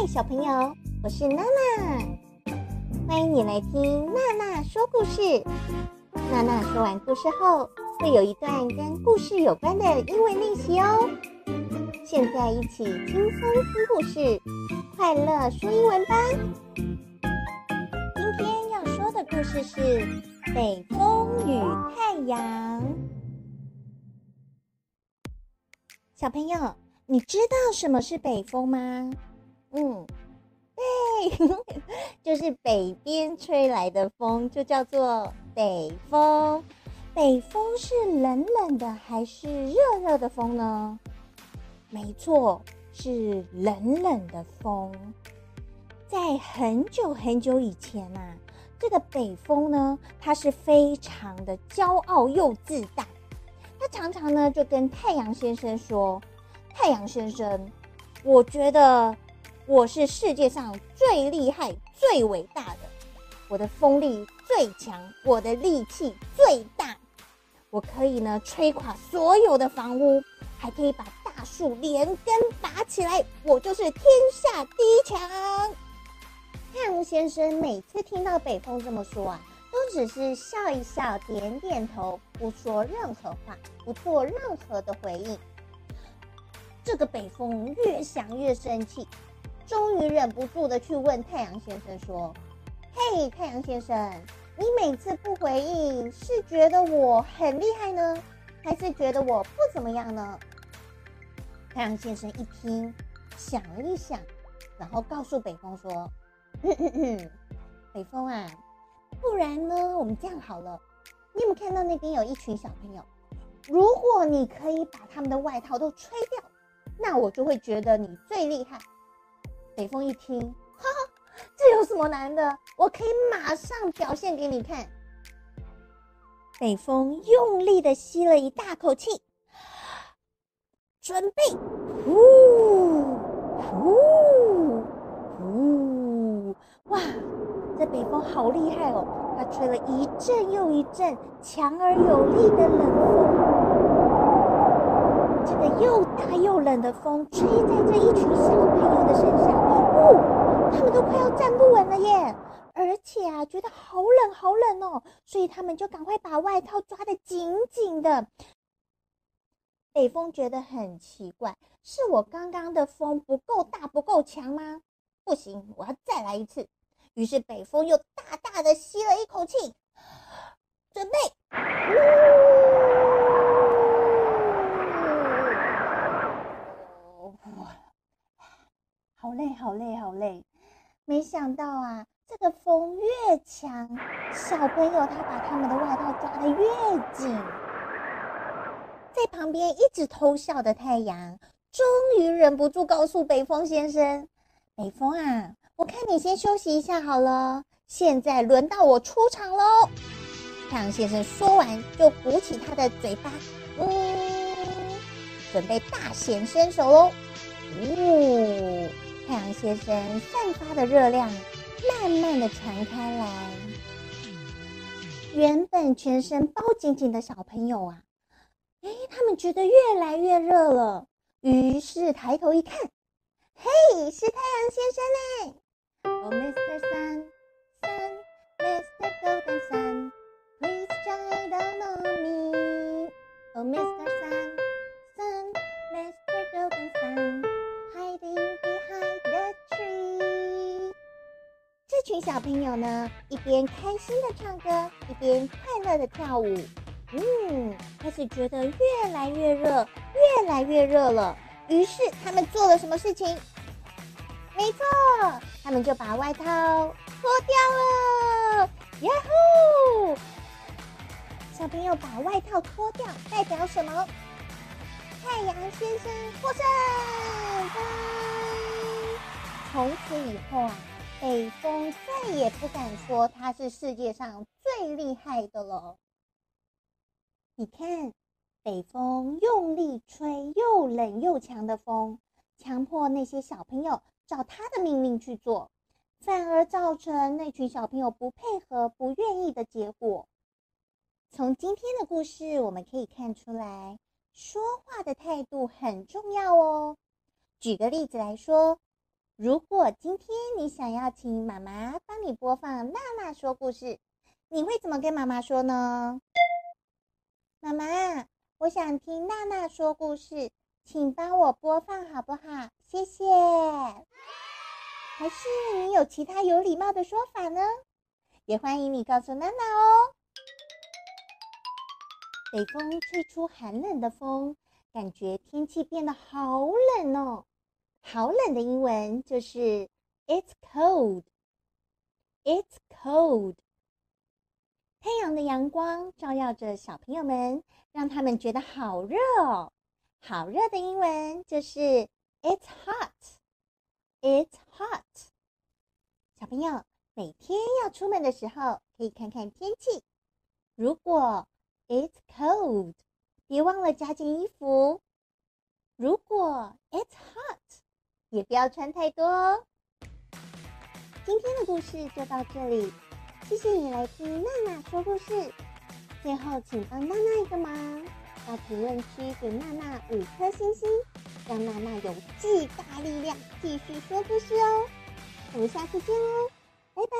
嗨，小朋友，我是娜娜，歡迎你來聽娜娜說故事。娜娜說完故事後，會有一段跟故事有關的英文練習哦。現在一起輕鬆聽故事，快樂說英文吧。今天要說的故事是《北風與太陽》。小朋友，你知道什麼是北風嗎？嗯，對，就是北邊吹來的風就叫做北風。北風是冷冷的還是熱熱的風呢？沒錯，是冷冷的風。在很久很久以前吶，這個北風呢，它是非常的驕傲又自大。它常常呢就跟太陽先生說：“太陽先生，我覺得。”我是世界上最厲害、最偉大的，我的風力最強，我的力氣最大，我可以呢吹垮所有的房屋，還可以把大樹連根拔起來。我就是天下第一強。太陽先生每次聽到北風這麼說啊，都只是笑一笑，點點頭，不說任何話，不做任何的回應。這個北風越想越生氣。終於忍不住的去問太陽先生說：“嘿，Hey，太陽先生，你每次不回應，是覺得我很厲害呢，還是覺得我不怎麼樣呢？”太陽先生一聽，想了一想，然後告訴北風說：“嗯嗯嗯，北風啊，不然呢，我們這樣好了。你有沒有看到那邊有一群小朋友，如果你可以把他們的外套都吹掉，那我就會覺得你最厲害。”北風一聽，哈，哈，這有什麼難的？我可以馬上表現給你看。北風用力的吸了一大口氣，準備，呼，呼，呼！哇，這北風好厲害哦！它吹了一陣又一陣強而有力的冷風，這個又大又冷的風吹在這一群小朋友的身上。哦，他們都快要站不穩了耶，而且啊，覺得好冷好冷哦，所以他們就趕快把外套抓得緊緊的。北風覺得很奇怪，是我剛剛的風不夠大、不夠強嗎？不行，我要再來一次。於是北風又大大的吸了一口氣，準備。嗯好累，好累，好累！沒想到啊，這個風越強，小朋友他把他們的外套抓得越緊。在旁邊一直偷笑的太陽，終於忍不住告訴北風先生：“北風啊，我看你先休息一下好了，現在輪到我出場嘍！”太陽先生說完，就鼓起他的嘴巴，嗚、嗯，準備大顯身手嘍，嗚、嗯。太陽先生散發的熱量慢慢的傳開來，原本全身包緊緊的小朋友啊，哎，他們覺得越來越熱了，於是抬頭一看，嘿，是太陽先生嘞。Oh, Mr. Sun. 一群小朋友呢，一邊開心地唱歌，一邊快樂地跳舞。嗯，開始覺得越來越熱，越來越熱了。於是他們做了什麼事情？沒錯，他們就把外套脫掉了。呀呼！小朋友把外套脫掉代表什麼？太陽先生獲勝！嗯，從此以後啊。北風再也不敢說他是世界上最厲害的了。你看，北風用力吹又冷又強的風，強迫那些小朋友照他的命令去做，反而造成那群小朋友不配合、不願意的結果。從今天的故事，我們可以看出來，說話的態度很重要哦。舉個例子來說。如果今天你想要請媽媽幫你播放娜娜說故事，你會怎麼跟媽媽說呢？媽媽，我想聽娜娜說故事，請幫我播放好不好？謝謝。還是你有其他有禮貌的說法呢？也歡迎你告訴娜娜哦。北風吹出寒冷的風，感覺天氣變得好冷哦。好冷的英文就是 "It's cold", "It's cold"。太陽的陽光照耀着小朋友們，讓他們覺得好熱哦！好熱的英文就是 "It's hot", "It's hot"。小朋友每天要出門的時候，可以看看天氣。如果 "It's cold"，別忘了加件衣服。如果 "It's hot"，也不要穿太多哦。今天的故事就到這裡，謝謝你來聽娜娜說故事。最後，請幫娜娜一個忙，到評論區給娜娜五顆星星，讓娜娜有巨大力量繼續說故事哦。我們下次見哦，拜拜。